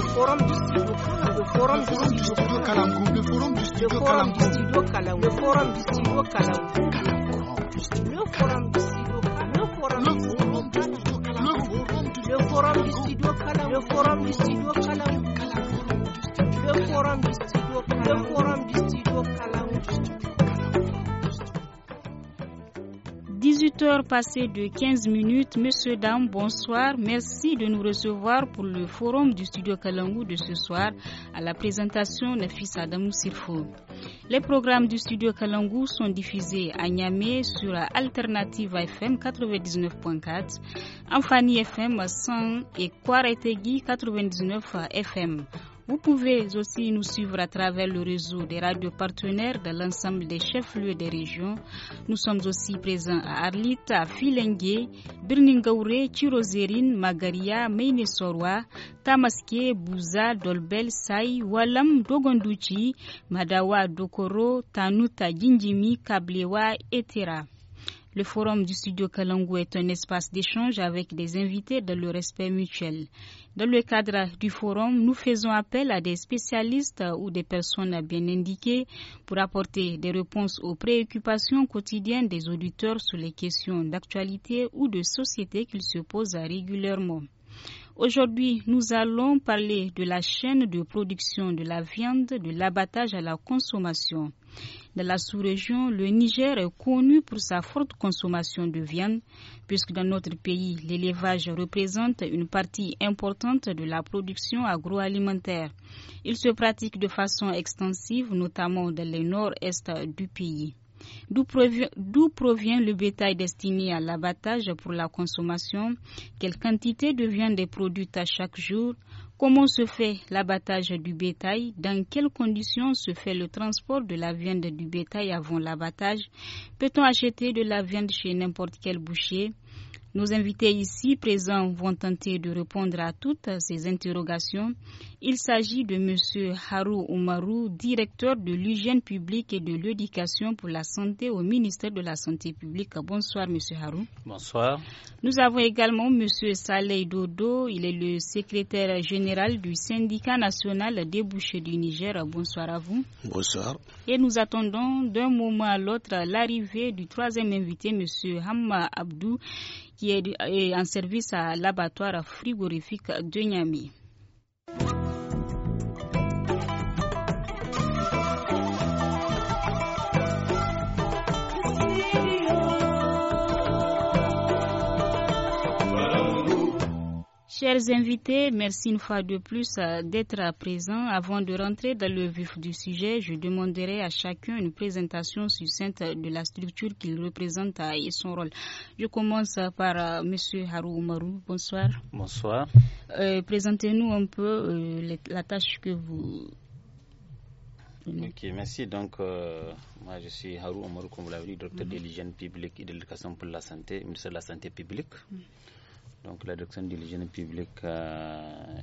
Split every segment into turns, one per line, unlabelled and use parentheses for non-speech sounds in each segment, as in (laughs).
le forum du studio le forum du studio le forum du studio le forum du studio forum du studio le forum du studio forum du studio le forum du studio forum du studio le forum du studio
18h passé de 15 minutes. Monsieur, dames, bonsoir. Merci de nous recevoir pour le forum du studio Kalangou de ce soir à la présentation de fils Adam Sirfo. Les programmes du studio Kalangou sont diffusés à Niamey sur Alternative FM 99.4, Amphani FM 100 et Kwaretegi 99 FM. Vous pouvez aussi nous suivre à travers le réseau des radios partenaires de l'ensemble des chefs-lieux des régions. Nous sommes aussi présents à Arlit, à Filengue, Birningaure, Chirozérine, Magaria, Meinesorwa, Tamaske, Bouza, Dolbel, Sai, Walam, Dogonduchi, Madawa, Dokoro, Tanuta, Jinjimi, Kablewa, etc. Le forum du studio Kalangou est un espace d'échange avec des invités dans le respect mutuel. Dans le cadre du forum, nous faisons appel à des spécialistes ou des personnes bien indiquées pour apporter des réponses aux préoccupations quotidiennes des auditeurs sur les questions d'actualité ou de société qu'ils se posent régulièrement. Aujourd'hui, nous allons parler de la chaîne de production de la viande, de l'abattage à la consommation. Dans la sous-région, le Niger est connu pour sa forte consommation de viande, puisque dans notre pays, l'élevage représente une partie importante de la production agroalimentaire. Il se pratique de façon extensive, notamment dans le nord-est du pays. D'où provient, le bétail destiné à l'abattage pour la consommation Quelle quantité de viande est produite à chaque jour Comment se fait l'abattage du bétail Dans quelles conditions se fait le transport de la viande du bétail avant l'abattage Peut-on acheter de la viande chez n'importe quel boucher nos invités ici présents vont tenter de répondre à toutes ces interrogations. Il s'agit de M. Harou Oumarou, directeur de l'hygiène publique et de l'éducation pour la santé au ministère de la Santé publique. Bonsoir, M. Harou. Bonsoir. Nous avons également M. Saleh Dodo. Il est le secrétaire général du syndicat national des bouchers du Niger. Bonsoir à vous. Bonsoir. Et nous attendons d'un moment à l'autre l'arrivée du troisième invité, M. Hamma Abdou qui est euh, en service à l'abattoir frigorifique de Niamey. Chers invités, merci une fois de plus euh, d'être présents. Avant de rentrer dans le vif du sujet, je demanderai à chacun une présentation succincte de la structure qu'il représente euh, et son rôle. Je commence par euh, M. Harou Oumarou. Bonsoir. Bonsoir. Présentez-nous un peu la tâche que vous. Ok, merci.
Donc, moi je suis Harou Oumarou, comme vous l'avez dit, docteur mhm. de l'hygiène publique et de l'éducation pour la santé, ministre de la Santé publique. Mhm. Donc la direction de l'hygiène publique euh,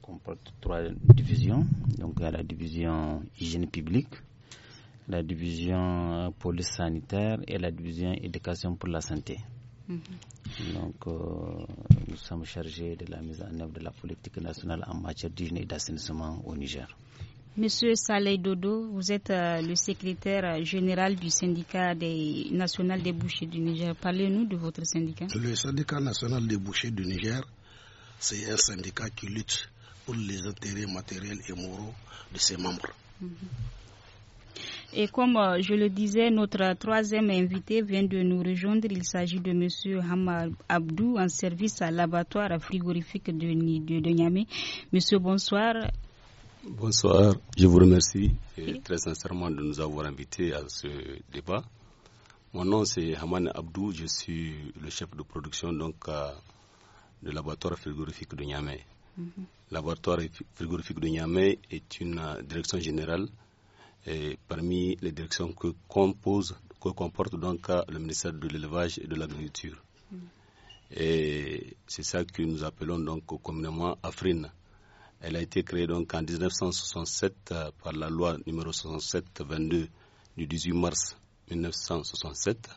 comporte trois divisions. Donc il y a la division hygiène publique, la division police sanitaire et la division éducation pour la santé.
Mm-hmm.
Donc euh, nous sommes chargés de la mise en œuvre de la politique nationale en matière d'hygiène et d'assainissement au Niger.
Monsieur Saleh Dodo, vous êtes euh, le secrétaire euh, général du syndicat national des bouchers du Niger. Parlez-nous de votre syndicat.
Le syndicat national des bouchers du Niger, c'est un syndicat qui lutte pour les intérêts matériels et moraux de ses membres.
Et comme euh, je le disais, notre troisième invité vient de nous rejoindre. Il s'agit de Monsieur Hamal Abdou, en service à l'abattoir frigorifique de, de, de Niamey. Monsieur, bonsoir.
Bonsoir, je vous remercie très sincèrement de nous avoir invités à ce débat. Mon nom c'est Haman Abdou, je suis le chef de production donc euh, laboratoire frigorifique de Niamey. Le mhm. Laboratoire frigorifique de Niamey est une euh, direction générale parmi les directions que compose que comporte donc euh, le ministère de l'élevage et de l'agriculture. Mhm. Et c'est ça que nous appelons donc communément Afrine. Elle a été créée donc en 1967 euh, par la loi numéro 67-22 du 18 mars 1967,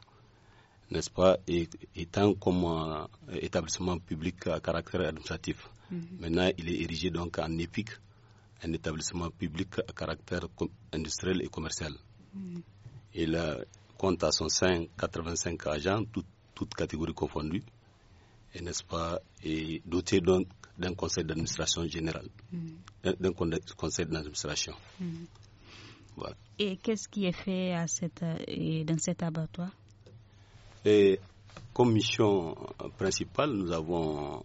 n'est-ce pas, et étant comme établissement public à caractère administratif. Mhm. Maintenant, il est érigé donc en EPIC, un établissement public à caractère industriel et commercial. Mhm. Il euh, compte à son sein 85 agents, toutes catégories confondues n'est-ce pas, doté d'un conseil d'administration général, mm. d'un conseil d'administration.
Mm. Et qu'est-ce qui est fait à cette, dans cet abattoir
Comme mission principale, nous avons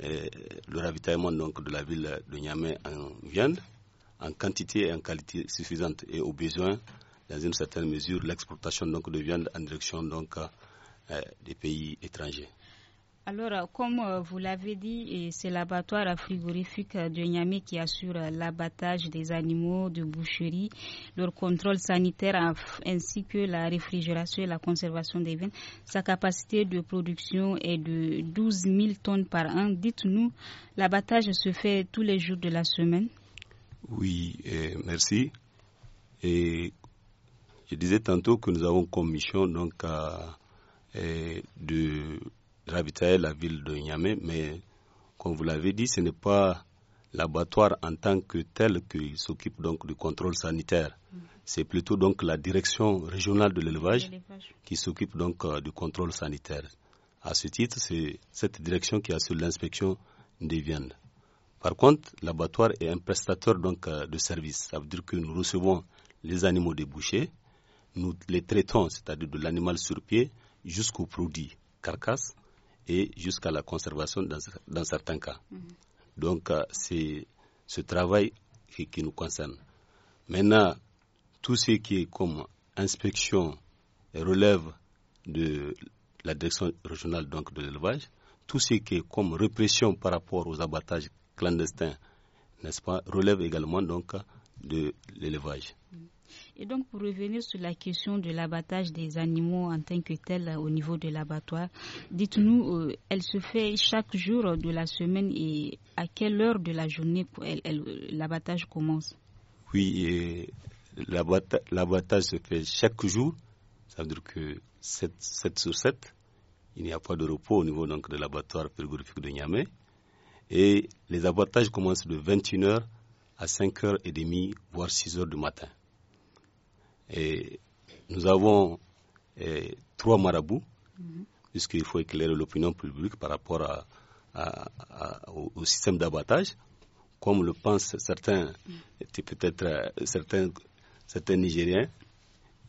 le ravitaillement donc, de la ville de Niamey en viande, en quantité et en qualité suffisante, et au besoin, dans une certaine mesure, l'exportation donc, de viande en direction donc, euh, des pays étrangers.
Alors, euh, comme euh, vous l'avez dit, c'est l'abattoir frigorifique de Niamey qui assure euh, l'abattage des animaux de boucherie, leur contrôle sanitaire ainsi que la réfrigération et la conservation des veines. Sa capacité de production est de 12 000 tonnes par an. Dites-nous, l'abattage se fait tous les jours de la semaine
Oui, merci. Et je disais tantôt que nous avons commission mission donc, de ravitailler la ville de Niamey, mais comme vous l'avez dit, ce n'est pas l'abattoir en tant que tel qui s'occupe donc du contrôle sanitaire. Mm. C'est plutôt donc la direction régionale de l'élevage qui s'occupe donc euh, du contrôle sanitaire. À ce titre, c'est cette direction qui assure l'inspection des viandes. Par contre, l'abattoir est un prestateur donc euh, de service. Ça veut dire que nous recevons les animaux débouchés, nous les traitons, c'est-à-dire de l'animal sur pied jusqu'au produit carcasse et jusqu'à la conservation dans, certains cas. Mhm. Donc euh, c'est ce travail qui, nous concerne. Maintenant, tout ce qui est comme inspection relève de la direction régionale de l'élevage, tout ce qui est comme répression par rapport aux abattages clandestins, n'est-ce pas, relève également donc de l'élevage. Mhm.
Et donc, pour revenir sur la question de l'abattage des animaux en tant que tel euh, au niveau de l'abattoir, dites-nous, euh, elle se fait chaque jour de la semaine et à quelle heure de la journée euh, l'abattage commence
Oui, l'abattage se fait chaque jour, ça veut dire que 7, sur 7, il n'y a pas de repos au niveau donc, de l'abattoir de Niamey. Et les abattages commencent de 21h à 5h30, voire 6h du matin. Et nous avons eh, trois marabouts, mhm. puisqu'il faut éclairer l'opinion publique par rapport au, système d'abattage, comme le pensent certains, mhm. peut-être euh, certains, Nigériens.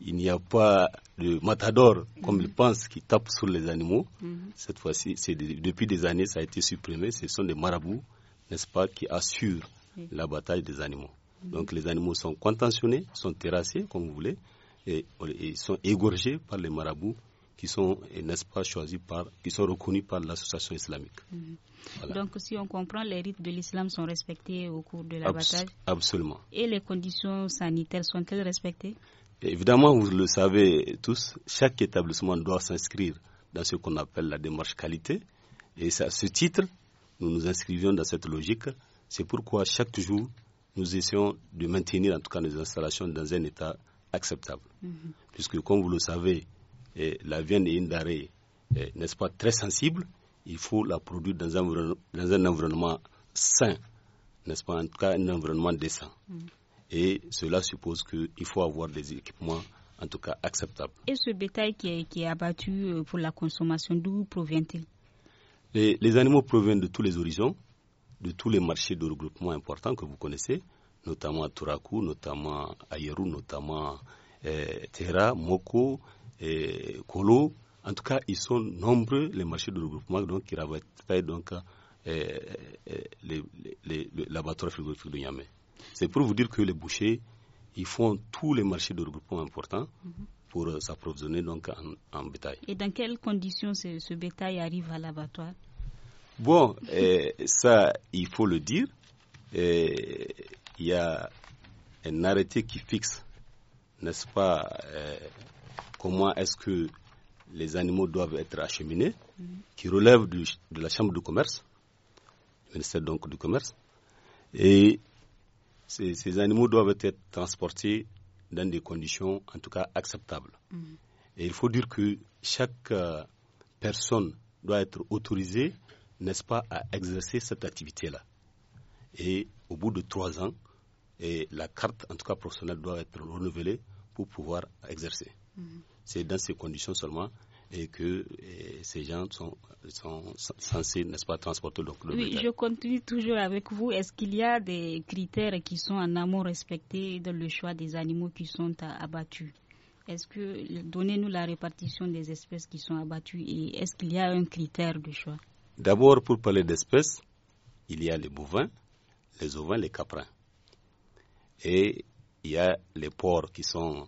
Il n'y a pas de matador, comme mhm. ils pensent, qui tape sur les animaux. Cette fois-ci, depuis des années, ça a été supprimé. Ce sont des marabouts, n'est-ce pas, qui assurent l'abattage des animaux. Donc les animaux sont contentionnés, sont terrassés, comme vous voulez, et, sont égorgés par les marabouts qui sont, n'est-ce pas, choisis par, qui sont reconnus par l'association islamique.
Mhm. Donc, si on comprend, les rites de l'islam sont respectés au cours de l'abattage Absolument. Et les conditions sanitaires sont-elles respectées
Évidemment, vous le savez tous, chaque établissement doit s'inscrire dans ce qu'on appelle la démarche qualité. Et à ce titre, nous nous inscrivions dans cette logique. C'est pourquoi chaque jour, nous essayons de maintenir en tout cas nos installations dans un état acceptable. Mhm. Puisque, comme vous le savez, eh, la viande est une d'arrêt. Eh, n'est-ce pas, très sensible. Il faut la produire dans un, environnement sain, n'est-ce pas, en tout cas un environnement décent. Mhm. Et cela suppose qu'il faut avoir des équipements en tout cas acceptables.
Et ce bétail qui est, abattu euh, pour la consommation, d'où provient-il
les, animaux proviennent de tous les horizons de tous les marchés de regroupement importants que vous connaissez, notamment à Turaku, notamment à Yerou, notamment à eh, Terra, Moko, eh, Kolo. En tout cas, ils sont nombreux les marchés de regroupement donc, qui ravitaillent donc, eh, l'abattoir frigorifique de Niamey. C'est pour vous dire que les bouchers, ils font tous les marchés de regroupement importants. Mm-hmm. pour s'approvisionner donc en, bétail.
Et dans quelles conditions ce bétail arrive à l'abattoir
Bon, eh, ça, il faut le dire. Eh, il y a un arrêté qui fixe, n'est-ce pas, eh, comment est-ce que les animaux doivent être acheminés, mm-hmm. qui relève de la Chambre du commerce, le ministère donc du commerce. Et ces, animaux doivent être transportés dans des conditions, en tout cas, acceptables. Mm-hmm. Et il faut dire que chaque euh, personne doit être autorisée n'est-ce pas, à exercer cette activité-là. Et au bout de trois ans, et la carte, en tout cas professionnelle, doit être renouvelée pour pouvoir exercer. Mhm. C'est dans ces conditions seulement et que ces gens sont, censés, n'est-ce pas, transporter leur Oui, je
continue toujours avec vous. Est-ce qu'il y a des critères qui sont en amont respectés dans le choix des animaux qui sont abattus Est-ce que, donnez-nous la répartition des espèces qui sont abattues et est-ce qu'il y a un critère de choix
D'abord, pour parler d'espèces, il y a les bovins, les ovins, les caprins. Et il y a les porcs qui sont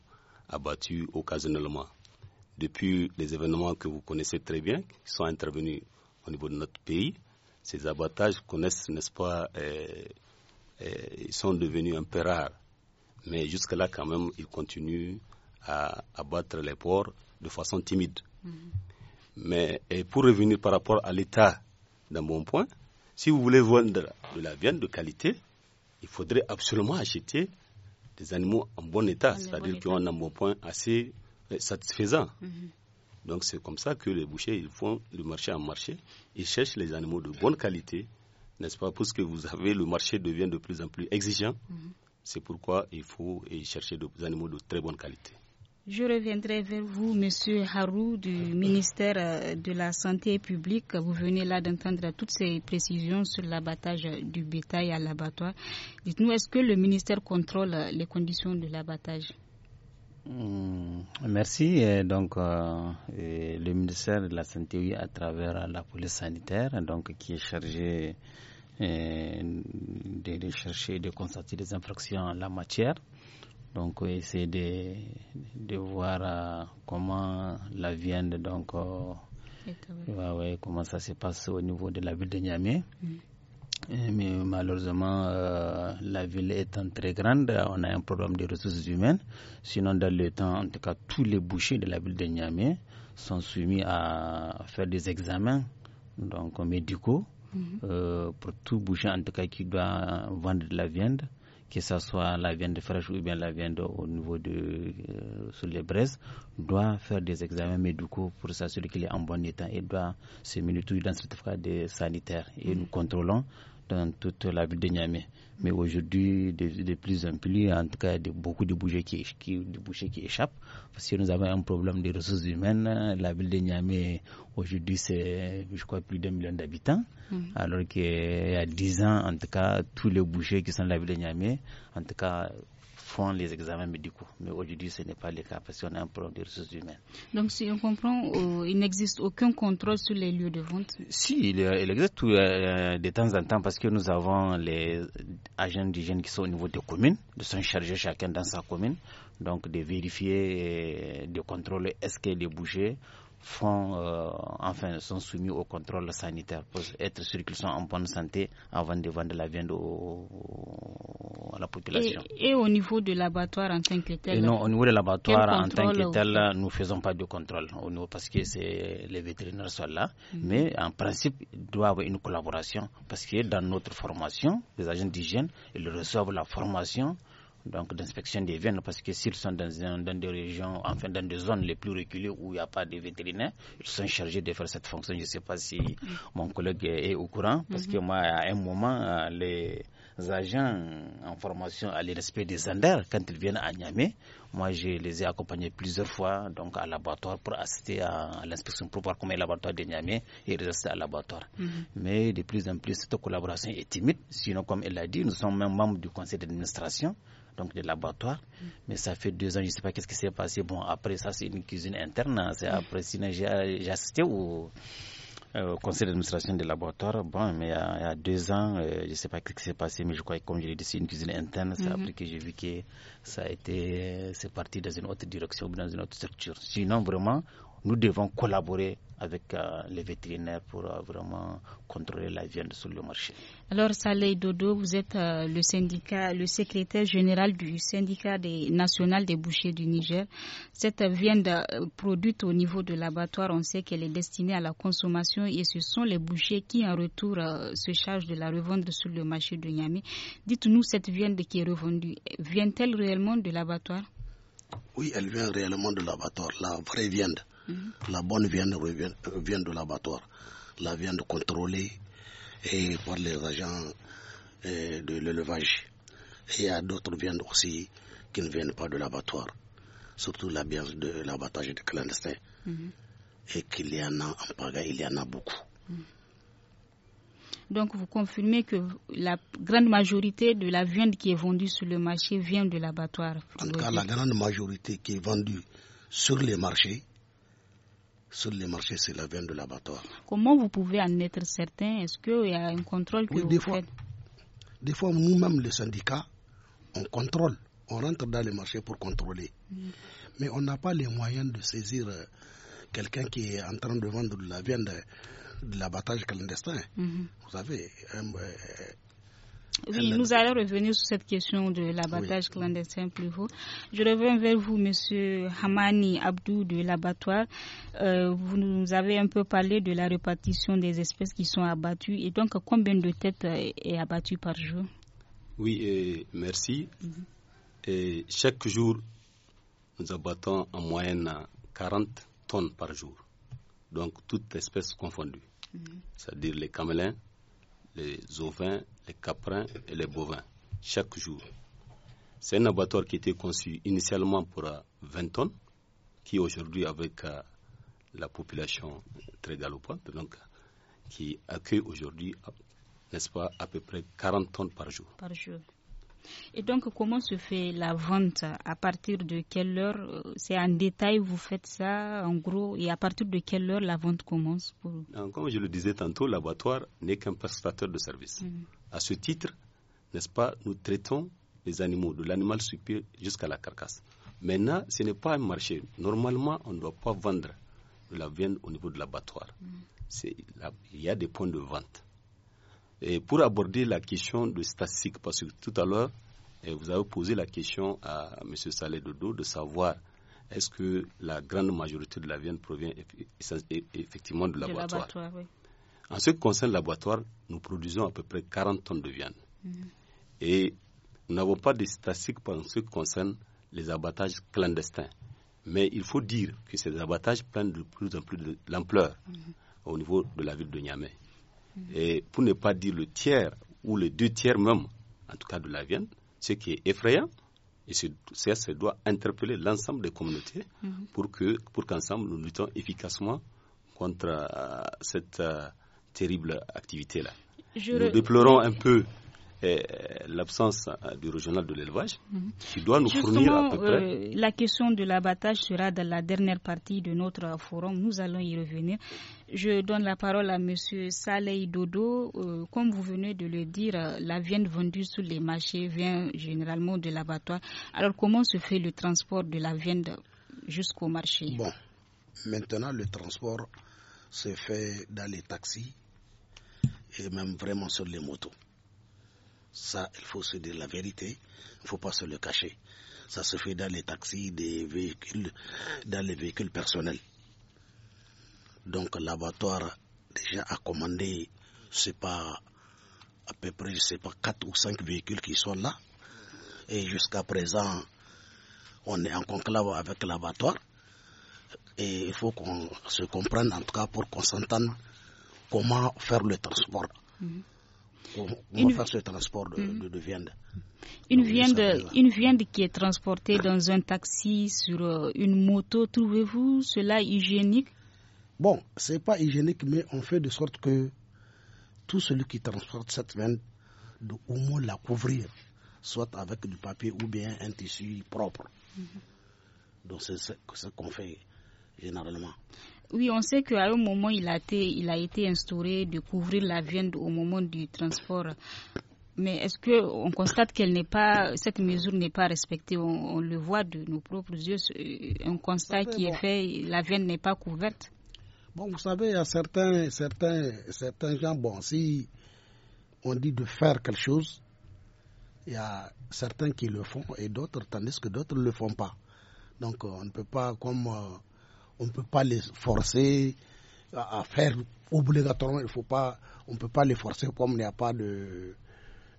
abattus occasionnellement. Depuis les événements que vous connaissez très bien, qui sont intervenus au niveau de notre pays, ces abattages connaissent, n'est-ce pas, euh, euh, ils sont devenus un peu rares. Mais jusque-là, quand même, ils continuent à abattre les porcs de façon timide. Mhm. Mais pour revenir par rapport à l'État, d'un bon point, si vous voulez vendre de la viande de qualité, il faudrait absolument acheter des animaux en bon état, c'est-à-dire qu'ils qui ont un bon point assez euh, satisfaisant. Mhm. Donc c'est comme ça que les bouchers font le marché en marché, ils cherchent les animaux de bonne qualité, n'est-ce pas Parce que vous avez le marché devient de plus en plus exigeant. Mhm. C'est pourquoi il faut chercher des animaux de très bonne qualité.
Je reviendrai vers vous, Monsieur Harou, du ministère euh, de la Santé publique. Vous venez là d'entendre toutes ces précisions sur l'abattage du bétail à l'abattoir. Dites-nous, est-ce que le ministère contrôle euh, les conditions de l'abattage
mmh, Merci. Donc, euh, le ministère de la Santé, oui, à travers la police sanitaire, donc qui est chargée de, de chercher et de constater des infractions en la matière donc essayer de, de voir euh, comment la viande donc euh, comment ça se passe au niveau de la ville de Niamey mm. euh, mais malheureusement la ville étant très grande on a un problème de ressources humaines sinon dans le temps en tout cas tous les bouchers de la ville de Niamey sont soumis à faire des examens donc médicaux mm-hmm. pour tout boucher en tout cas qui doit vendre de la viande que ce soit la viande fraîche ou bien la viande au niveau de euh, sur les braises, doit faire des examens médicaux pour s'assurer qu'il est en bon état et doit se tout dans certificat de sanitaire. Et nous contrôlons dans toute la ville de Niamey. Mais aujourd'hui, de, plus en plus, en tout cas, il beaucoup de bouchers qui, qui, de bouchers qui échappent. Parce que nous avons un problème de ressources humaines. La ville de Niamey, aujourd'hui, c'est, je crois, plus d'un million d'habitants. Mhm. Alors qu'il y a dix ans, en tout cas, tous les bouchers qui sont dans la ville de Niamey, en tout cas, font les examens médicaux. Mais aujourd'hui, ce n'est pas le cas parce qu'on a un problème de ressources humaines.
Donc, si on comprend, euh, il n'existe aucun contrôle sur les lieux de vente Si,
il, euh, existe euh, de temps en temps parce que nous avons les agents d'hygiène qui sont au niveau des communes, de s'en charger chacun dans sa commune, donc de vérifier, de contrôler est-ce qu'il est bougé font, euh, enfin, sont soumis au contrôle sanitaire pour être sûr qu'ils sont en bonne santé avant de vendre la viande à la population.
Et, au niveau de l'abattoir en tant que tel Non, au
niveau de l'abattoir en tant que tel, nous ne faisons pas de contrôle au parce que les vétérinaires sont là. Mm-hmm. Mais en principe, il doit avoir une collaboration parce que dans notre formation, les agents d'hygiène, ils reçoivent la formation donc d'inspection des viennes parce que s'ils sont dans, des régions, enfin dans des zones les plus reculées où il n'y a pas de vétérinaires, ils sont chargés de faire cette fonction. Je ne sais pas si mon collègue est, au courant, parce que mhm. moi, à un moment, les agents en formation à l'irrespect des Anders, quand ils viennent à Niamey, moi, je les ai accompagnés plusieurs fois donc à l'abattoir pour assister à, l'inspection pour voir comment l'abattoir de Niamey et rester à l'abattoir. Mhm. Mais de plus en plus, cette collaboration est timide. Sinon, comme elle l'a dit, nous sommes même membres du conseil d'administration donc de l'abattoir. Mhm. Mais ça fait deux ans, je ne sais pas qu'est-ce qui s'est passé. Bon, après ça, c'est une cuisine interne. Hein. après, sinon, j'ai assisté au... Euh, au conseil d'administration des laboratoires. Bon, mais il y a, deux ans, euh, je ne sais pas ce qui s'est passé, mais je crois que comme je l'ai dit, une cuisine interne. C'est après mhm. que j'ai vu que ça a été, c'est parti dans une autre direction ou dans une autre structure. Sinon, vraiment, nous devons collaborer avec euh, les vétérinaires pour euh, vraiment contrôler la viande sur le marché.
Alors Saleh Dodo, vous êtes euh, le syndicat, le secrétaire général du syndicat national des bouchers du Niger. Cette viande produite au niveau de l'abattoir, on sait qu'elle est destinée à la consommation et ce sont les bouchers qui en retour se chargent de la revendre sur le marché de Niamey. Dites-nous, cette viande qui est revendue, vient-elle réellement de l'abattoir
Oui, elle vient réellement de l'abattoir, la vraie viande la bonne viande vient de l'abattoir. La viande contrôlée et eh, par les agents eh, de l'élevage. il y a d'autres viandes aussi qui ne viennent pas de l'abattoir, surtout la viande de l'abattage de clandestin. Mhm. Et qu'il y en a il y en a beaucoup. Mhm.
Donc vous confirmez que la grande majorité de la viande qui est vendue sur le marché vient de l'abattoir.
En tout cas, la grande majorité qui est vendue sur les marchés sur les marchés, c'est la viande de l'abattoir.
Comment vous pouvez en être certain Est-ce qu'il euh, y a un contrôle que vous
des fois, Des fois, nous-mêmes, les syndicats, on contrôle. On rentre dans les marchés pour contrôler. Mm. Mais on n'a pas les moyens de saisir euh, quelqu'un qui est en train de vendre de la viande euh, de l'abattage clandestin. Mm-hmm. Vous savez,
oui, nous allons revenir sur cette question de l'abattage clandestin plus haut. Je reviens vers vous, Monsieur Hamani Abdou de l'abattoir. Euh, vous nous avez un peu parlé de la répartition des espèces qui sont abattues et donc combien de têtes est abattue par jour
Oui, merci. Mhm. chaque jour, nous abattons en moyenne 40 tonnes par jour, donc toutes espèces confondues, mhm. c'est-à-dire les camelins, les ovins, les caprins et les bovins chaque jour. C'est un abattoir qui était conçu initialement pour 20 euh, tonnes, qui aujourd'hui, avec euh, la population très galopante, donc, qui accueille aujourd'hui, n'est-ce pas, à peu près 40 tonnes par jour.
Par jour. Et donc, comment se fait la vente À partir de quelle heure euh, C'est en détail, vous faites ça, en gros, et à partir de quelle heure la vente commence pour...
Comme je le disais tantôt, l'abattoir n'est qu'un prestataire de service. Mmh. À ce titre, n'est-ce pas, nous traitons les animaux, de l'animal supérieur jusqu'à la carcasse. Maintenant, ce n'est pas un marché. Normalement, on ne doit pas vendre de la viande au niveau de l'abattoir.
Mm.
Il y a des points de vente. Et pour aborder la question de statistique, parce que tout à l'heure, eh, vous avez posé la question à M. Salé Dodo de savoir est-ce que la grande majorité de la viande provient effectivement de l'abattoir. En ce qui concerne l'abattoir, nous produisons à peu près 40 tonnes de viande. Mhm. Et nous n'avons pas de statistiques en ce qui concerne les abattages clandestins. Mais il faut dire que ces abattages prennent de plus en plus de l'ampleur mhm. au niveau de la ville de Niamey. Mhm. Et pour ne pas dire le tiers ou les deux tiers même, en tout cas de la viande, ce qui est effrayant, et ça doit interpeller l'ensemble des communautés pour que pour qu'ensemble nous luttons efficacement contre euh, cette euh, terrible activité-là. Nous déplorons un peu eh, l'absence euh, du régional de l'élevage mhm. qui doit nous fournir à peu près. Euh, la
question de l'abattage sera dans la dernière partie de notre forum. Nous allons y revenir. Je donne la parole à M. Saleh Dodo. Euh, comme vous venez de le dire, la viande vendue sur les marchés vient généralement de l'abattoir. Alors comment se fait le transport de la viande jusqu'au marché Bon,
maintenant le transport se fait dans les taxis et même vraiment sur les motos. Ça, il faut se dire la vérité, il ne faut pas se le cacher. Ça se fait dans les taxis, des véhicules, dans les véhicules personnels. Donc l'abattoir déjà a commandé, c'est pas à peu près, je sais pas, quatre ou cinq véhicules qui sont là. Et jusqu'à présent, on est en conclave avec l'abattoir. Et il faut qu'on se comprenne en tout cas pour qu'on s'entende comment faire le transport. Mm-hmm. Comment faire ce transport de, mm-hmm. viande
une, viande qui est transportée dans un taxi, sur euh, une moto, trouvez-vous cela hygiénique
Bon, ce n'est pas hygiénique, mais on fait de sorte que tout celui qui transporte cette viande, de au moins la couvrir, soit avec du papier ou bien un tissu propre.
Mm-hmm.
Donc c'est ce qu'on fait généralement.
Oui, on sait qu'à un moment, il a, été, il a été instauré de couvrir la viande au moment du transport. Mais est-ce qu'on constate qu'elle n'est pas, cette mesure n'est pas respectée on, le voit de nos propres yeux, euh, un constat qui est fait, la viande n'est pas couverte.
Bon, vous savez, il y a certains, certains, certains gens, bon, si on dit de faire quelque chose, il y a certains qui le font et d'autres, tandis que d'autres ne le font pas. Donc, euh, on ne peut pas, comme euh, on ne peut pas les forcer à, faire obligatoirement, il faut pas, on ne peut pas les forcer comme il n'y a pas de,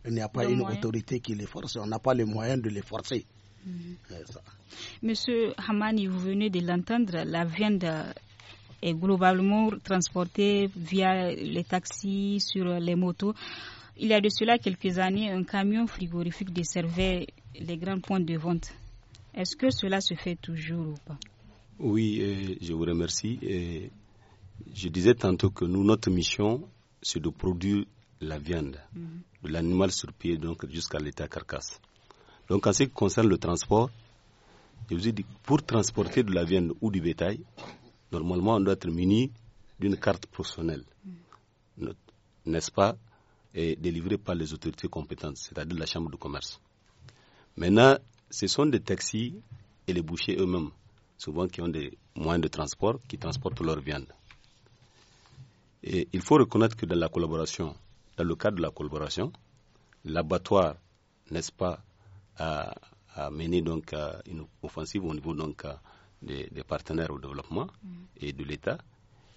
n'y a pas une autorité qui les force, on n'a pas les moyens de les forcer.
Mhm. Monsieur Hamani, vous venez de l'entendre, la viande euh, est globalement transportée via les taxis, sur les motos. Il y a de cela quelques années, un camion frigorifique desservait les grands points de vente. Est-ce que cela se fait toujours ou pas
oui, je vous remercie. je disais tantôt que nous, notre mission, c'est de produire la viande, mhm. de l'animal sur pied, donc jusqu'à l'état carcasse. Donc, en ce qui concerne le transport, je vous ai dit, pour transporter de la viande ou du bétail, normalement, on doit être muni d'une carte professionnelle, mhm. n'est-ce pas, et délivrée par les autorités compétentes, c'est-à-dire la chambre de commerce. Maintenant, ce sont des taxis et les bouchers eux-mêmes souvent qui ont des moyens de transport, qui transportent leur viande. Et il faut reconnaître que dans la collaboration, dans le cadre de la collaboration, l'abattoir, n'est-ce pas, a, mené donc à une offensive au niveau donc des, partenaires au développement mm. et de l'État.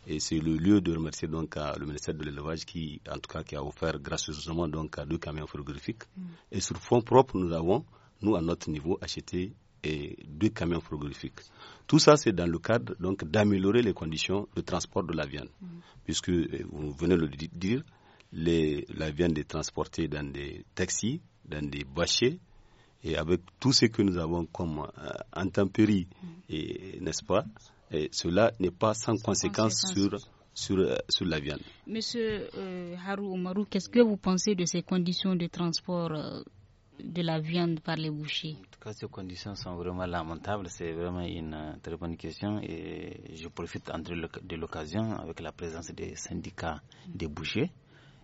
Et c'est le lieu de remercier donc le ministère de l'élevage qui, en tout cas, qui a offert gracieusement donc deux camions photographiques. Mm. Et sur fonds propres, nous avons, nous à notre niveau, acheté et deux camions frigorifiques. Tout ça, c'est dans le cadre donc d'améliorer les conditions de transport de la viande, mm-hmm. puisque euh, vous venez de le dire, la viande est transportée dans des taxis, dans des bâchers, et avec tout ce que nous avons comme euh, intempéries, mm-hmm. n'est-ce pas, et cela n'est pas sans, conséquence, sur sur, euh, sur la viande.
Monsieur Harou Omarou, qu'est-ce que vous pensez de ces conditions de transport de la viande par les bouchers. En
tout cas, ces conditions
sont vraiment lamentables. C'est vraiment une euh, très bonne question et je profite de l'occasion avec la présence des syndicats des bouchers.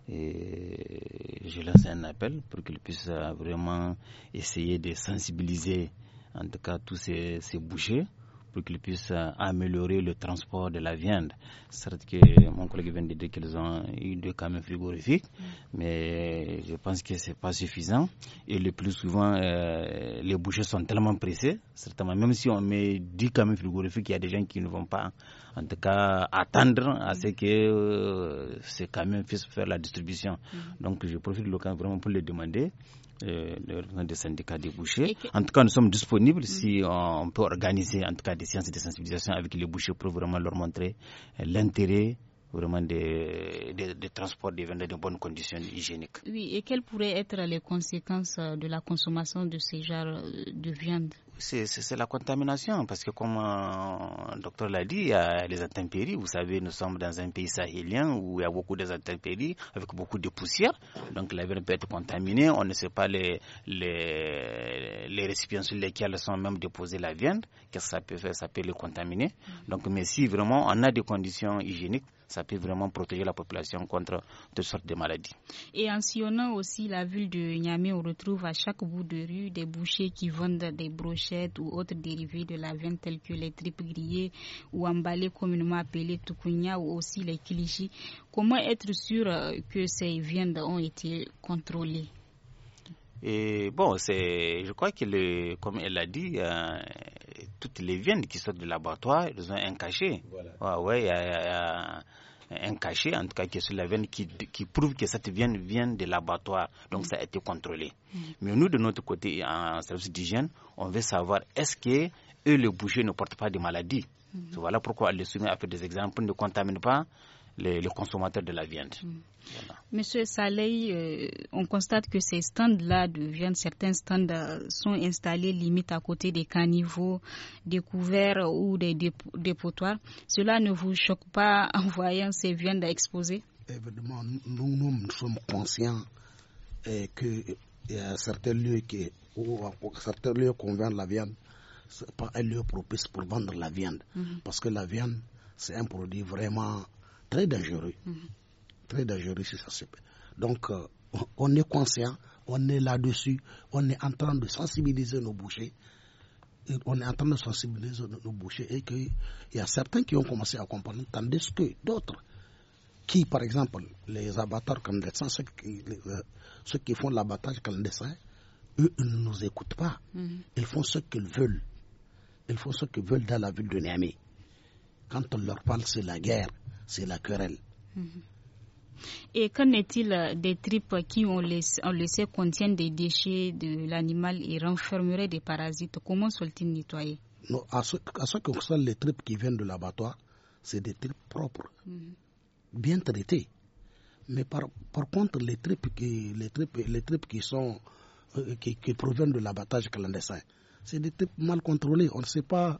Et je lance un appel pour qu'ils puissent euh, vraiment essayer de sensibiliser en tout cas tous ces, ces bouchers pour qu'ils puissent euh, améliorer le transport de la viande. Certes que mon collègue vient de dire qu'ils ont eu deux camions frigorifiques, mm. mais je pense que ce n'est pas suffisant. Et le plus souvent, euh, les bouchers sont tellement pressés, certainement, même si on met 10 camions frigorifiques, il y a des gens qui ne vont pas, en tout cas, attendre à ce que euh, ces camions puissent faire la distribution. Mm. Donc, je profite de l'occasion vraiment pour les demander le syndicats des bouchers. En tout cas, nous sommes disponibles si euh, on peut organiser en tout cas des séances de sensibilisation avec les bouchers pour vraiment leur montrer euh, l'intérêt vraiment des, des, des, transports des vins dans de bonnes conditions hygiéniques.
Oui, et quelles pourraient être les conséquences euh, de la consommation de ces genres de viande
c'est la contamination, parce que comme euh, le docteur l'a dit, il y a les intempéries. Vous savez, nous sommes dans un pays sahélien où il y a beaucoup intempéries avec beaucoup de poussière. Donc la viande peut être contaminée. On ne sait pas les, les, récipients sur lesquels sont même déposés la viande. Qu'est-ce que ça peut faire Ça peut le contaminer. Donc, mais si vraiment on a des conditions hygiéniques, ça peut vraiment protéger la population contre toutes sortes de maladies.
Et en sillonnant aussi la ville de Niamey, on retrouve à chaque bout de rue des bouchers qui vendent des broches ou autres dérivés de la viande tels que les tripes grillées ou emballées communément appelées tukunya ou aussi les kiliji Comment être sûr euh, que ces viandes ont été contrôlées
et bon, c'est, je crois que, comme elle l'a dit, euh, toutes les viandes qui sortent du laboratoire, elles ont un cachet. Voilà. Ah ouais, un cachet, en tout cas qui est sur la veine, qui, prouve que cette veine vient de l'abattoir. Donc mm. ça a été contrôlé. Mm. Mais nous, de notre côté, en service d'hygiène, on veut savoir est-ce que eux, le boucher ne portent pas de maladies. Mm. Voilà pourquoi le soumets a fait des exemples, ne contamine pas les, consommateurs de la viande. Mm.
Monsieur Saleh, euh, on constate que ces stands-là de viande, certains stands euh, sont installés limite à côté des caniveaux, des couverts ou des dépotoirs. Cela ne vous choque pas (laughs) en voyant ces viandes exposées
Évidemment, nous, nous sommes conscients qu'il y a certains lieux, où, certains lieux qu'on vend la viande, ce n'est pas un lieu propice pour vendre la viande. Mm-hmm. Parce que la viande, c'est un produit vraiment très dangereux. Mhm. Très dangereux si ça se peut. Donc, euh, on est conscient, on est là-dessus, on est en train de sensibiliser nos bouchers. Euh, on est en train de sensibiliser nos, bouchers et qu'il y a certains qui ont commencé à comprendre, tandis que d'autres, qui par exemple, les abattoirs clandestins, ceux qui, euh, ceux qui font l'abattage clandestin, eux, ils ne nous écoutent pas. Mhm. Ils font ce qu'ils veulent. Ils font ce qu'ils veulent dans la ville de Niamey. Quand on leur parle, c'est la guerre c'est la querelle.
Mhm. Et qu'en est-il euh, des tripes qui, on le, sait, contiennent des déchets de l'animal et renfermeraient des parasites Comment sont-ils nettoyés
non, à, ce, à ce que les tripes qui viennent de l'abattoir, c'est des tripes propres, mhm. bien traitées. Mais par, par contre, les tripes qui, les tripes, les tripes qui, sont, euh, qui, proviennent de l'abattage clandestin, c'est des tripes mal contrôlées. On ne sait pas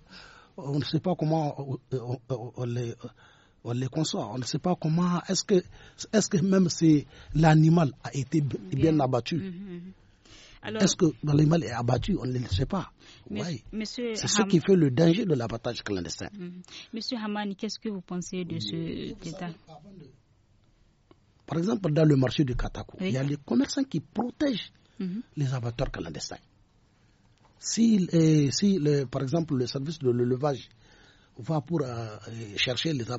on ne sait pas comment on, euh, les, on les conçoit, on ne sait pas comment, est-ce que, est que même si l'animal a été bien, abattu,
mhm, mhm. est-ce que
l'animal est abattu, on ne le sait pas.
Oui. C'est ce qui fait
le danger de l'abattage clandestin.
Mhm. Monsieur Hamani, qu'est-ce que vous pensez de ce détail
Par exemple, dans le marché du Katako, il y a les commerçants qui protègent les abattoirs clandestins. Si, si le, par exemple, le service de l'élevage va pour euh, chercher les Nous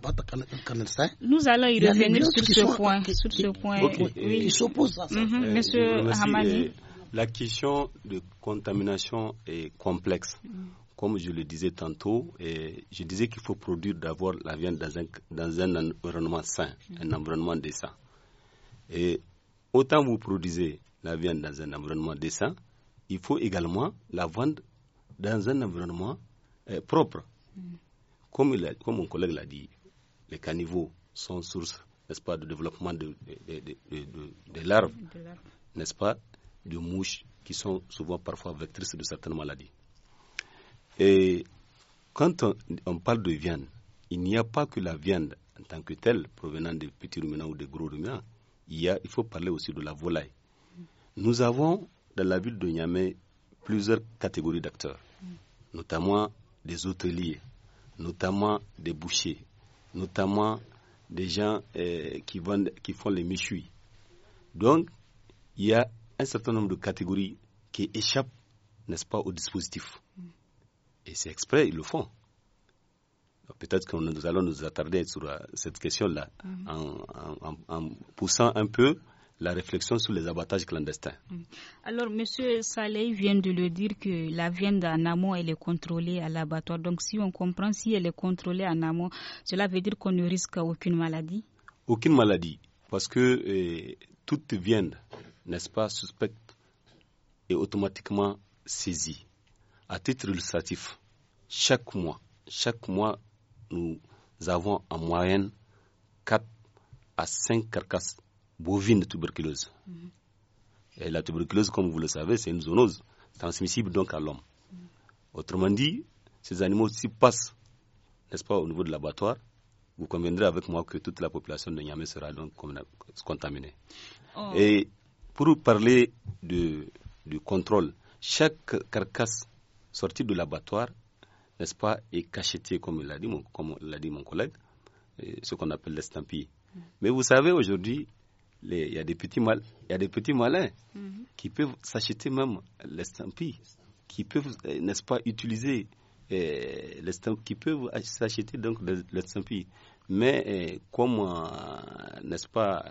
allons y revenir sur, ce, point, sur à ça. Mhm, euh,
la question de contamination est complexe. Mhm. Comme je le disais tantôt, je disais qu'il faut produire d'abord la viande dans un, dans un environnement sain, mhm. un environnement décent. Et autant vous produisez la viande dans un environnement décent, il faut également la vendre dans un environnement euh, propre comme, mon collègue l'a dit, les caniveaux sont source, n'est-ce pas, de développement de, larves, n'est-ce pas, de mouches qui sont souvent parfois vectrices de certaines maladies. Et quand on, parle de viande, il n'y a pas que la viande en tant que telle, provenant des petits ruminants ou des gros ruminants. Il, il faut parler aussi de la volaille. Nous avons dans la ville de Niamey plusieurs catégories d'acteurs, notamment des hôteliers, notamment des bouchers, notamment des gens euh, qui, qui font les méchouilles. Donc, il y a un certain nombre de catégories qui échappent, n'est-ce pas, au dispositif. Et c'est exprès, ils le font. Peut-être que nous allons nous attarder sur euh, cette question-là en, poussant un peu la réflexion sur les abattages clandestins.
Alors, Monsieur Saleh vient de le dire que la viande en amont, elle est contrôlée à l'abattoir. Donc, si on comprend, si elle est contrôlée en amont, cela veut dire qu'on ne risque aucune maladie
Aucune maladie, parce que eh, toute viande, n'est-ce pas, suspecte est automatiquement saisie. À titre illustratif, chaque mois, chaque mois, nous avons en moyenne 4 à 5 carcasses bovine de tuberculose. Mhm. Et la tuberculose, comme vous le savez, c'est une zoonose transmissible donc à l'homme. Mhm. Autrement dit, ces animaux s'y passent, n'est-ce pas, au niveau de l'abattoir. Vous conviendrez avec moi que toute la population de Nyamé sera donc contaminée. Oh. Et pour parler du contrôle, chaque carcasse sortie de l'abattoir, n'est-ce pas, est cachetée, comme l'a dit, mon, dit mon collègue, ce qu'on appelle l'estampille. Mm. Mais vous savez, aujourd'hui, il y a des petits mal, il y a des petits malins mhm. qui peuvent s'acheter même l'estampille, qui peuvent, euh, n'est-ce pas, utiliser euh, stamps qui peuvent s'acheter donc l'estampille. Mais euh, comme, n'est-ce pas,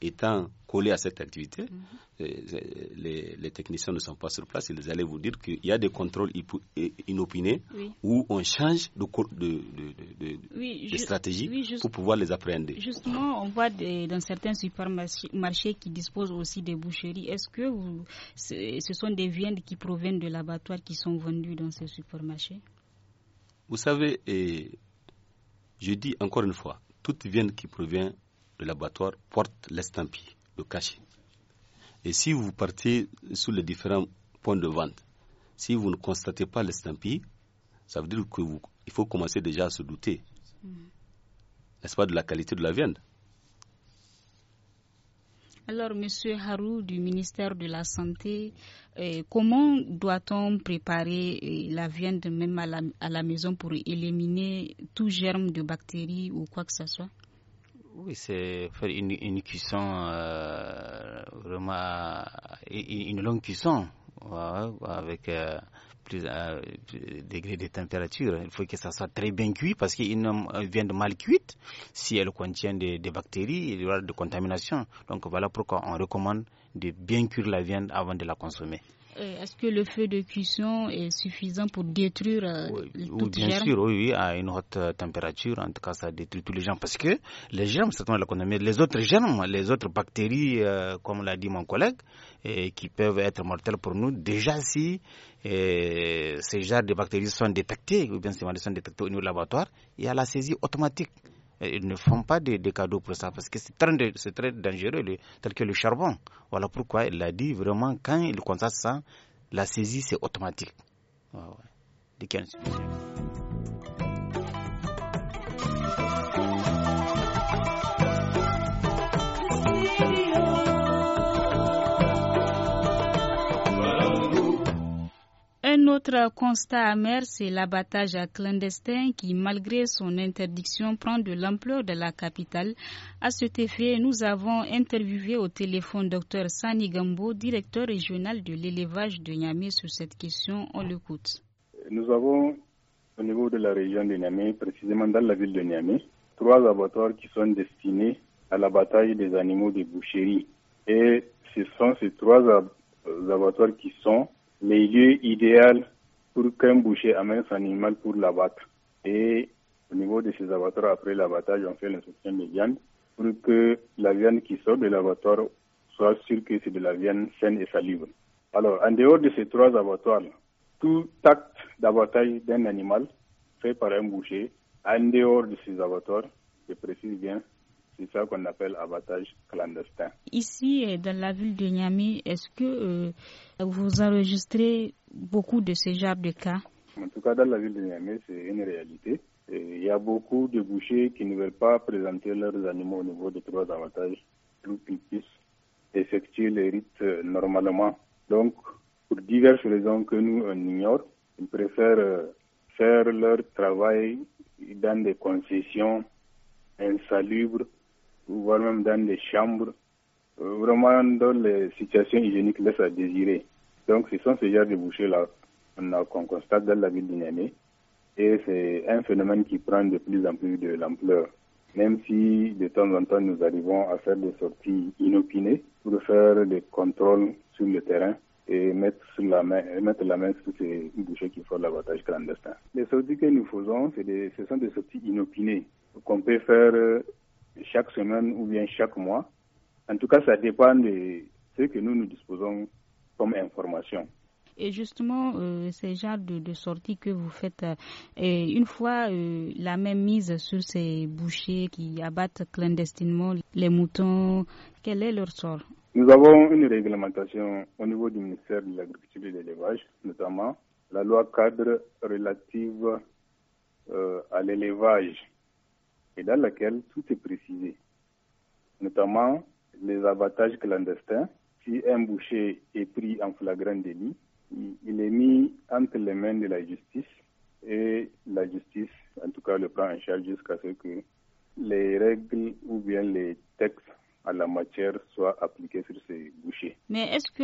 étant collé à cette activité, mhm. euh, euh, les, techniciens ne sont pas sur place, ils allaient vous dire qu'il y a des contrôles euh, inopinés où on change de,
de, stratégie pour pouvoir
les appréhender.
Justement, on voit dans certains supermarchés qui disposent aussi des boucheries. Est-ce que ce sont des viandes qui proviennent de l'abattoir qui sont vendues dans ces supermarchés
Vous savez, je dis encore une fois, toute viande qui provient le l'abattoir porte l'estampille, le cachet. Et si vous partez sur les différents points de vente, si vous ne constatez pas l'estampille, ça veut dire qu'il faut commencer déjà à se douter, mm. n'est-ce pas, de la qualité de la viande.
Alors, Monsieur Harou du ministère de la Santé, euh, comment doit-on préparer euh, la viande même à la maison pour éliminer tout germe de bactéries ou quoi que ce soit
oui, c'est faire une, cuisson, euh, vraiment une, longue cuisson avec euh, plus euh, degrés de température. Il faut que ça soit très bien cuit parce qu'une viande mal cuite, si elle contient des, des, bactéries, il y aura de contamination. Donc voilà pourquoi on recommande de bien cuire la viande avant de la consommer.
Euh, est-ce que le feu de cuisson est suffisant pour détruire euh, oui, Bien sûr,
oui, à une haute euh, température, en tout cas, ça détruit tous les germes. Parce que les germes, certainement, dans les autres germes, les autres bactéries, comme l'a dit mon collègue, qui peuvent être mortelles pour nous, déjà si ces genres de bactéries sont détectés, ou bien ces elles sont détectées au niveau laboratoire, il y a la saisie automatique ils ne font pas des cadeaux pour ça parce que c'est très, dangereux, tel que le charbon. Voilà pourquoi il a dit vraiment, quand il constate ça, la saisie c'est automatique.
Un autre constat amer, c'est l'abattage à clandestin qui, malgré son interdiction, prend de l'ampleur de la capitale. À cet effet, nous avons interviewé au téléphone Dr Sani Gambo, directeur régional de l'élevage de Niamey, sur cette question. On l'écoute.
Nous avons, au niveau de la région de Niamey, précisément dans la ville de Niamey, trois abattoirs qui sont destinés à l'abattage des animaux de boucherie. Et ce sont ces trois euh, abattoirs qui sont les lieux idéal pour qu'un boucher amène son animal pour l'abattre. Et au niveau de ces abattoirs, après l'abattage, on fait l'instruction des viande pour que la viande qui sort de l'abattoir soit sûre que c'est de la viande saine et salive. Alors, en dehors de ces trois abattoirs, tout acte d'abattage d'un animal fait par un boucher, en dehors de ces abattoirs, je précise bien, c'est ça qu'on appelle abattage clandestin.
Ici, euh, dans la ville de Niamey, est-ce que euh, vous enregistrez beaucoup de ce genre de cas
En tout cas, dans la ville de Niamey, c'est une réalité. Il y a beaucoup de bouchers qui ne veulent pas présenter leurs animaux au niveau de trois avantages pour qu'ils puissent effectuer les rites euh, normalement. Donc, pour diverses raisons que nous on ignore, ils préfèrent faire leur travail dans des concessions insalubres voire même dans les chambres, euh, vraiment dans les situations hygiéniques laissent à désirer. Donc ce sont ces genres de bouchées-là qu'on constate dans la ville d'Ignamé et c'est un phénomène qui prend de plus en plus de l'ampleur. Même si de temps en temps nous arrivons à faire des sorties inopinées pour faire des contrôles sur le terrain et mettre, la main, mettre la main sur ces bouchers qui font l'avantage clandestin. Les sorties que nous faisons, des, ce sont des sorties inopinées qu'on peut faire chaque semaine ou bien chaque mois. En tout cas, ça dépend de ce que nous nous disposons comme information.
Et justement, euh, ces genres de, sortie que vous faites, euh, une fois euh, la même mise sur ces bouchers qui abattent clandestinement les moutons, quel est leur sort
Nous avons une réglementation au niveau du ministère de l'Agriculture et de l'Élevage, notamment la loi cadre relative à l'élevage et dans laquelle tout est précisé, notamment les avantages clandestins. Si un boucher est pris en flagrant délit, il est mis entre les mains de la justice et la justice, en tout cas, le prend en charge jusqu'à ce que les règles ou bien les textes à la matière soit appliquée sur ces bouchers.
Mais est-ce que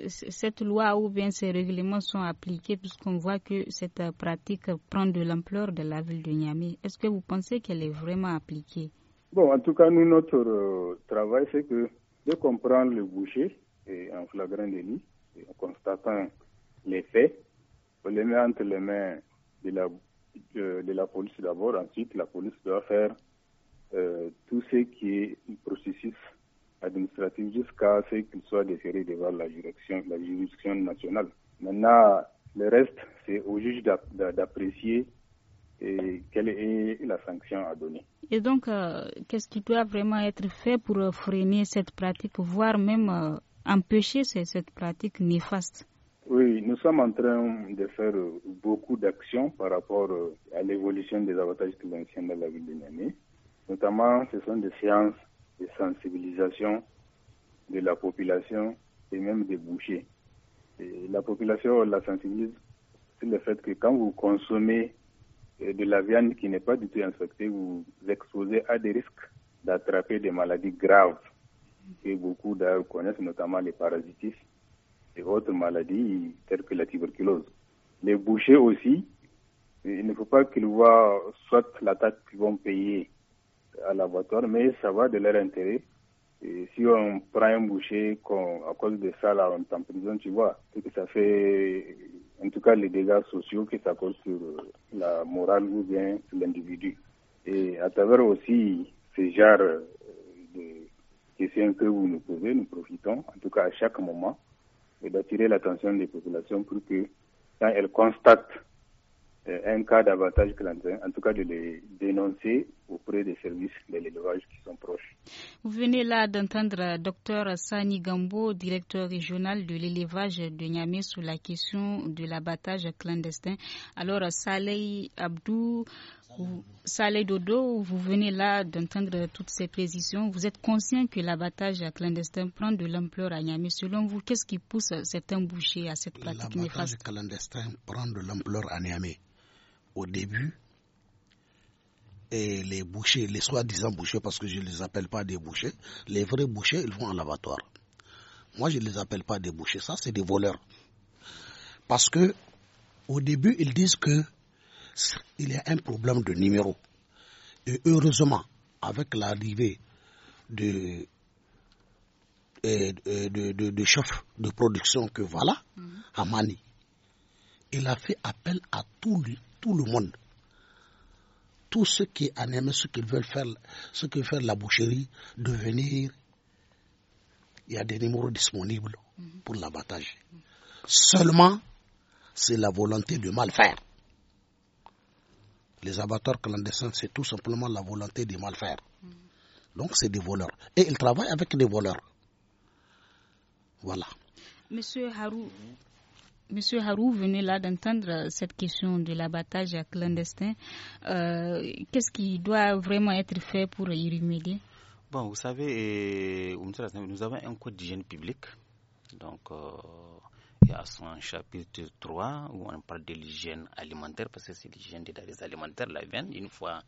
euh, cette loi ou bien ces règlements sont appliqués puisqu'on voit que cette euh, pratique prend de l'ampleur de la ville de Niamey Est-ce que vous pensez qu'elle est vraiment appliquée
Bon, en tout cas, nous, notre euh, travail, c'est que de comprendre le boucher et en flagrant délit, en constatant les faits, on les met entre les mains de la, de, de la police d'abord, ensuite la police doit faire euh, tout ce qui est processus administratif jusqu'à ce qu'il soit déféré devant la juridiction, la juridiction nationale. Maintenant, le reste, c'est au juge d'apprécier quelle est la sanction à donner.
Et donc, euh, qu'est-ce qui doit vraiment être fait pour euh, freiner cette pratique, voire même empêcher cette pratique néfaste
oui, nous sommes en train de faire beaucoup d'actions par rapport à l'évolution des avantages climaticiens dans la ville de Niamey. Notamment, ce sont des séances de sensibilisation de la population et même des bouchers. la population la sensibilise sur le fait que quand vous consommez euh, de la viande qui n'est pas du tout infectée, vous exposez à des risques d'attraper des maladies graves que beaucoup d'ailleurs connaissent, notamment les parasitis et autres maladies telles que la tuberculose. Les bouchers aussi, il ne faut pas qu'ils voient soit la taxe qu'ils vont payer à l'abattoir, mais ça va de leur intérêt. Et si on prend un boucher, à cause de ça, là, on est en prison, tu vois, et que ça fait, en tout cas, les dégâts sociaux que ça cause sur euh, la morale ou bien sur l'individu. Et à travers aussi ces genres euh, de questions que vous nous posez, nous profitons, en tout cas à chaque moment, d'attirer l'attention des populations pour que, quand elles constatent euh, un cas d'avantage clandestin, en tout cas de les dénoncer auprès des services de l'élevage qui sont proches.
Vous venez là d'entendre Dr Sani Gambo, directeur régional de l'élevage de Niamey sur la question de l'abattage clandestin. Alors Saleh Abdou, Saleh Dodo, vous venez là d'entendre toutes ces précisions. Vous êtes conscient que l'abattage clandestin prend de l'ampleur à Niamey. Selon vous, qu'est-ce qui pousse certains bouchers à cette pratique néfaste L'abattage
clandestin prend de l'ampleur à Niamey. Au début, et les bouchers, les soi-disant bouchers, parce que je ne les appelle pas des bouchers, les vrais bouchers, ils vont en abattoir. Moi, je ne les appelle pas des bouchers, ça, c'est des voleurs. Parce que, au début, ils disent que il y a un problème de numéro. Et heureusement, avec l'arrivée de de, chef de production que voilà, mm. à Mani, il a fait appel à tout le monde tous ceux qui en aiment, ceux qui veulent faire, ceux qui veulent faire la boucherie, de venir. Il y a des numéros disponibles pour l'abattage. Seulement, c'est la volonté de mal faire. Les abattoirs clandestins, c'est tout simplement la volonté de mal faire. Donc, c'est des voleurs. Et ils travaillent avec des voleurs. Voilà.
Monsieur Harou, Monsieur Harou venez là d'entendre cette question de l'abattage clandestin. Euh, qu'est-ce qui doit vraiment être fait pour y remédier
Bon, vous savez, euh, nous avons un code d'hygiène publique. Donc, euh, il y a son chapitre 3 où on parle de l'hygiène alimentaire, parce que c'est l'hygiène des alimentaires, la veine. Une fois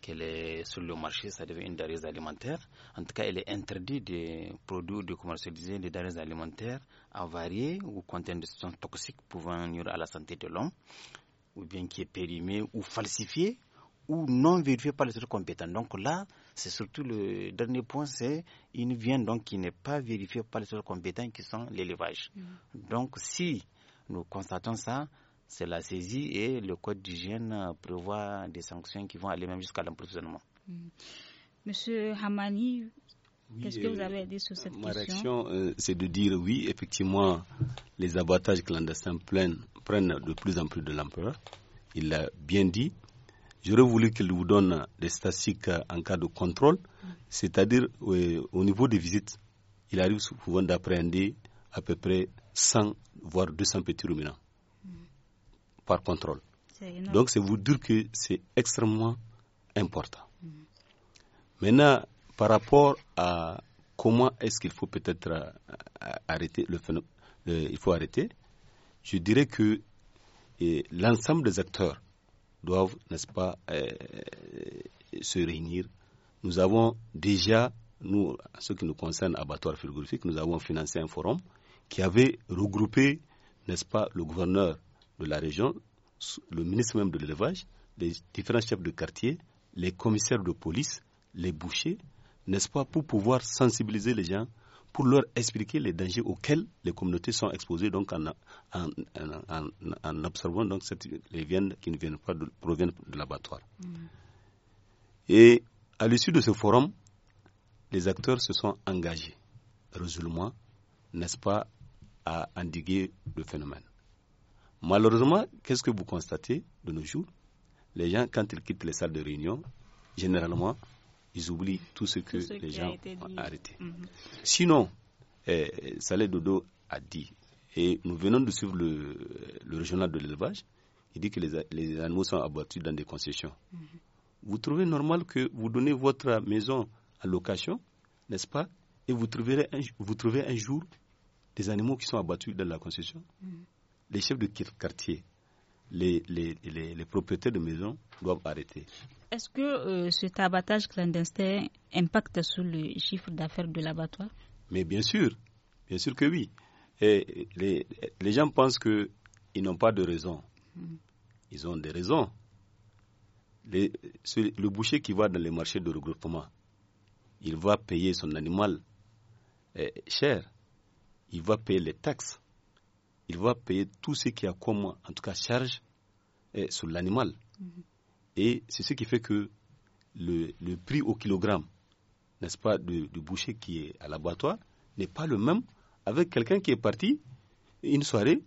qu'elle est sur le marché, ça devient une denrée alimentaire. En tout cas, il est interdit de produire, de commercialiser des denrées alimentaires avariées ou contenant des substances toxiques pouvant nuire à la santé de l'homme, ou bien qui est périmée ou falsifiée ou non vérifiée par les autres compétents Donc là, c'est surtout le dernier point, c'est une viande donc qui n'est pas vérifiée par les autres compétents qui sont l'élevage. Mmh. Donc si nous constatons ça, c'est la saisie et le code d'hygiène euh, prévoit des sanctions qui vont aller même jusqu'à l'emprisonnement. Mm.
Monsieur Hamani, qu'est-ce que vous euh, avez à dire sur cette question Ma réaction,
euh, c'est de dire oui, effectivement, les abattages clandestins prennent, prennent de plus en plus de l'ampleur. Il l'a bien dit. J'aurais voulu qu'il vous donne des statistiques en cas de contrôle, c'est-à-dire au niveau des visites. Il arrive souvent d'appréhender à peu près 100, voire 200 petits ruminants par contrôle. Donc, c'est vous dire que c'est extrêmement important. Mm-hmm. Maintenant, par rapport à comment est-ce qu'il faut peut-être euh, arrêter le phénomène, il faut arrêter, je dirais que l'ensemble des acteurs doivent, n'est-ce pas, euh, euh, se réunir. Nous avons déjà, nous, ce qui nous concerne, abattoir frigorifique, nous avons financé un forum qui avait regroupé, n'est-ce pas, le gouverneur de la région, le ministre même de l'élevage, les différents chefs de quartier, les commissaires de police, les bouchers, n'est-ce pas, pour pouvoir sensibiliser les gens, pour leur expliquer les dangers auxquels les communautés sont exposées donc en, en, observant donc les viandes qui ne viennent pas de, proviennent de l'abattoir. Mm. Et à l'issue de ce forum, les acteurs se sont engagés, résolument, n'est-ce pas, à endiguer le phénomène. Malheureusement, qu'est-ce que vous constatez de nos jours Les gens, quand ils quittent les salles de réunion, généralement, ils oublient tout ce que les gens ont arrêté. Mhm. Sinon, eh, Salé Dodo a dit, et nous venons de suivre le, régional de l'élevage, il dit que les, animaux sont abattus dans des concessions. Mhm. Vous trouvez normal que vous donnez votre maison à location, n'est-ce pas Et vous, trouverez un, trouvez un jour des animaux qui sont abattus dans la concession mhm les chefs de quartier, les, propriétaires de maisons doivent arrêter.
Est-ce que euh, cet abattage clandestin impacte sur le chiffre d'affaires de l'abattoir
Mais bien sûr, bien sûr que oui. Et les, gens pensent qu'ils n'ont pas de raison. Hmm. Ils ont des raisons. le boucher qui va dans les marchés de regroupement, il va payer son animal eh, cher. Il va payer les taxes il va payer tout ce qui a comme, en tout cas, charge eh, sur l'animal. Mhm. Et c'est ce qui fait que le, prix au kilogramme, n'est-ce pas, du, boucher qui est à l'abattoir n'est pas le même avec quelqu'un qui est parti une soirée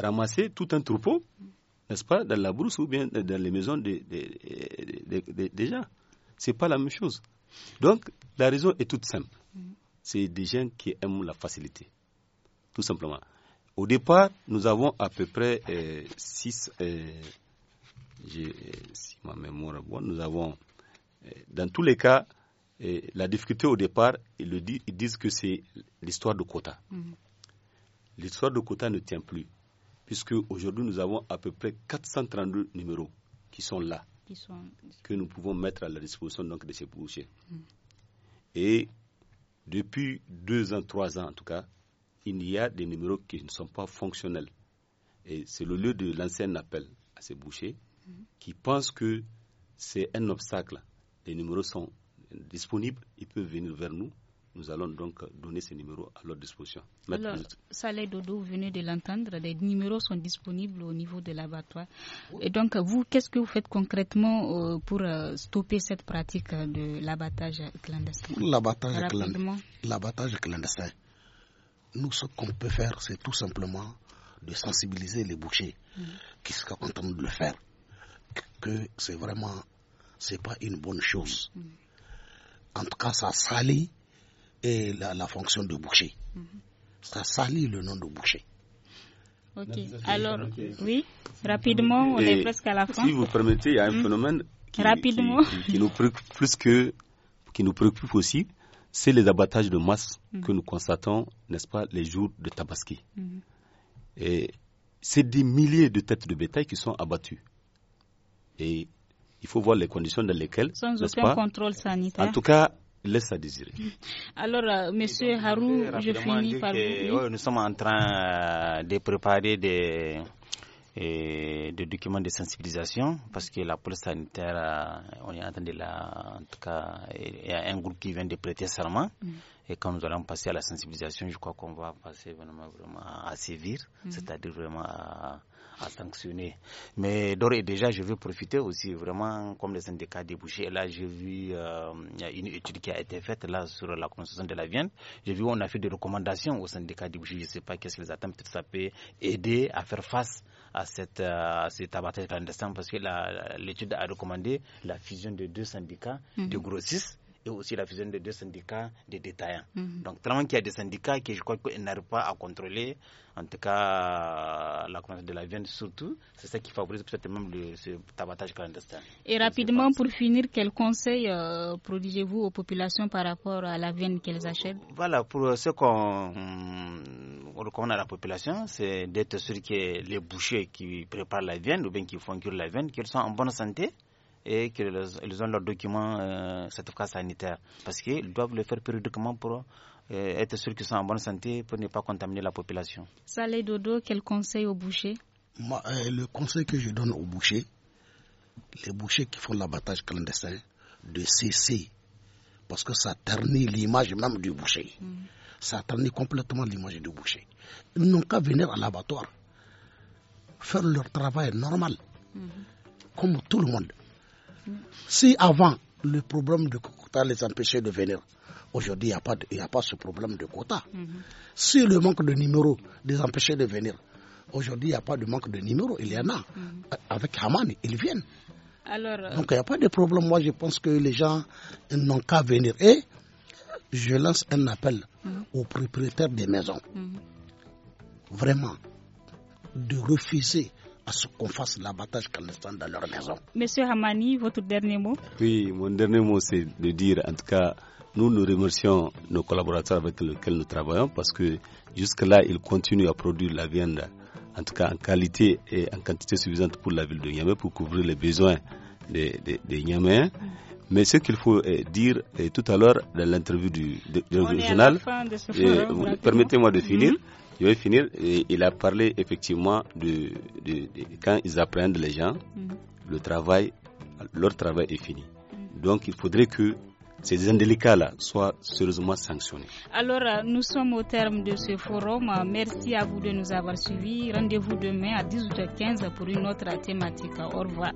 ramasser tout un troupeau, mhm. n'est-ce pas, dans la brousse ou bien dans les maisons des gens. Ce n'est pas la même chose. Donc, la raison est toute simple. Mhm. C'est des gens qui aiment la facilité, tout simplement. Au départ, nous avons à peu près euh, six... euh, euh ma mémoire est bonne, nous avons, euh, dans tous les cas, la difficulté au départ, ils, le disent que c'est l'histoire de quota. Mm-hmm. L'histoire de quota ne tient plus, puisque aujourd'hui nous avons à peu près 432 numéros qui sont là, que nous pouvons mettre à la disposition de ces bouchers. Mm. Et depuis deux ans, trois ans en tout cas, il y a des numéros qui ne sont pas fonctionnels. Et c'est le lieu de lancer un appel à ces bouchers mm-hmm. qui pensent que c'est un obstacle. Les numéros sont disponibles, ils peuvent venir vers nous. Nous allons donc donner ces numéros à leur
disposition. Dodo, vous venez de l'entendre, les numéros sont disponibles au niveau de l'abattoir. Et donc, vous, qu'est-ce que vous faites concrètement euh, pour euh, stopper cette pratique euh, de l'abattage clandestin L'abattage
clandestin, nous, ce qu'on peut faire, c'est tout simplement de sensibiliser les bouchers qui sont en train de le faire. Que c'est vraiment, c'est pas une bonne chose. En tout cas, ça salit et la, fonction de boucher.
Ça salit le nom de boucher.
Ok, alors, oui, rapidement, on est presque à la fin. Si vous
permettez, il y a un hum. phénomène
qui,
nous préoccupe plus que, qui nous préoccupe aussi, c'est les abattages de masse mm. que nous constatons, n'est-ce pas, les jours de Tabaski. Mm-hmm. Et c'est des milliers de têtes de bétail qui sont abattues. Et il faut voir les conditions dans lesquelles. Sans aucun pas,
contrôle sanitaire. En tout
cas, laisse à désirer.
(laughs) Alors, euh, monsieur Harou, je finis par. vous.
nous sommes en train euh, de préparer des et de documents de sensibilisation parce que la police sanitaire, euh, on est en train de la, en tout cas, il y a un groupe qui vient de prêter serment. Mm. Et quand nous allons passer à la sensibilisation, je crois qu'on va passer vraiment, vraiment à sévir, mm. c'est-à-dire vraiment à, à sanctionner. Mais d'ores et déjà, je veux profiter aussi vraiment, comme les syndicats débouchés. Là, j'ai vu euh, une étude qui a été faite là sur la construction de la viande. J'ai vu on a fait des recommandations aux syndicats débouchés. Je ne sais pas qu'est-ce qu'ils attendent. Peut-être ça peut aider à faire face à cette euh, à cet abattage clandestin parce que l'étude a recommandé la fusion de deux syndicats mhm. de grossistes et aussi la fusion de deux syndicats de détaillants. Mhm. Donc, tellement qu'il y a des syndicats qui, je crois, qu'ils n'arrivent pas à contrôler, en tout cas, la commande de la viande surtout, c'est ça qui favorise peut-être même ce tabatage clandestin.
Et rapidement, pour finir, quels conseils produisez euh, prodigez-vous aux populations par rapport à la viande qu'elles achètent
Voilà, pour ce qu'on recommande à la population, c'est d'être sûr que les bouchers qui préparent la viande ou bien qui font cuire la viande, qu'ils soient en bonne santé et qu'ils ont leurs documents euh, certificat sanitaire. Parce qu'ils doivent le faire périodiquement pour euh, être sûrs qu'ils sont en bonne santé pour ne pas contaminer la population.
Salé Dodo, quel conseil au boucher
euh, Le
conseil que je donne au boucher, les bouchers qui font l'abattage clandestin, de cesser. Parce que ça ternit l'image même du boucher. Mm. Ça ternit complètement l'image du boucher. Ils n'ont qu'à venir à l'abattoir, faire leur travail normal,
mm-hmm.
comme tout le monde. Si avant, le problème de quota les empêchait de venir, aujourd'hui, il n'y a, pas ce problème de quota. Mhm. Si le manque de numéros les empêchait de venir, aujourd'hui, il n'y a pas de manque de numéros. Il y en a. Mhm. Avec Haman, ils viennent.
Euh, Donc, il n'y
a pas de problème. Moi, je pense que les gens n'ont qu'à venir. Et je lance un appel mhm. aux propriétaires des maisons. Vraiment, de refuser à ce qu'on
fasse l'abattage clandestin dans leur maison.
Monsieur Hamani, votre dernier mot
Oui, mon dernier mot, c'est de dire, en tout cas, nous, nous remercions nos collaborateurs avec lesquels nous travaillons parce que jusque-là, ils continuent à produire la viande, en tout cas en qualité et en quantité suffisante pour la ville de Niamey, pour couvrir les besoins des, Niameyens. Mais ce qu'il faut eh, dire eh, tout à l'heure dans l'interview du, journal, eh, permettez-moi de finir. Mhm. Je vais finir. il a parlé effectivement de, quand ils apprennent les gens, mhm. le travail, leur travail est fini. Mhm. Donc il faudrait que ces indélicats-là soient sérieusement sanctionnés.
Alors, euh, nous sommes au terme de ce forum. Merci à vous de nous avoir suivis. Rendez-vous demain à 18h15 pour une autre thématique. Au revoir.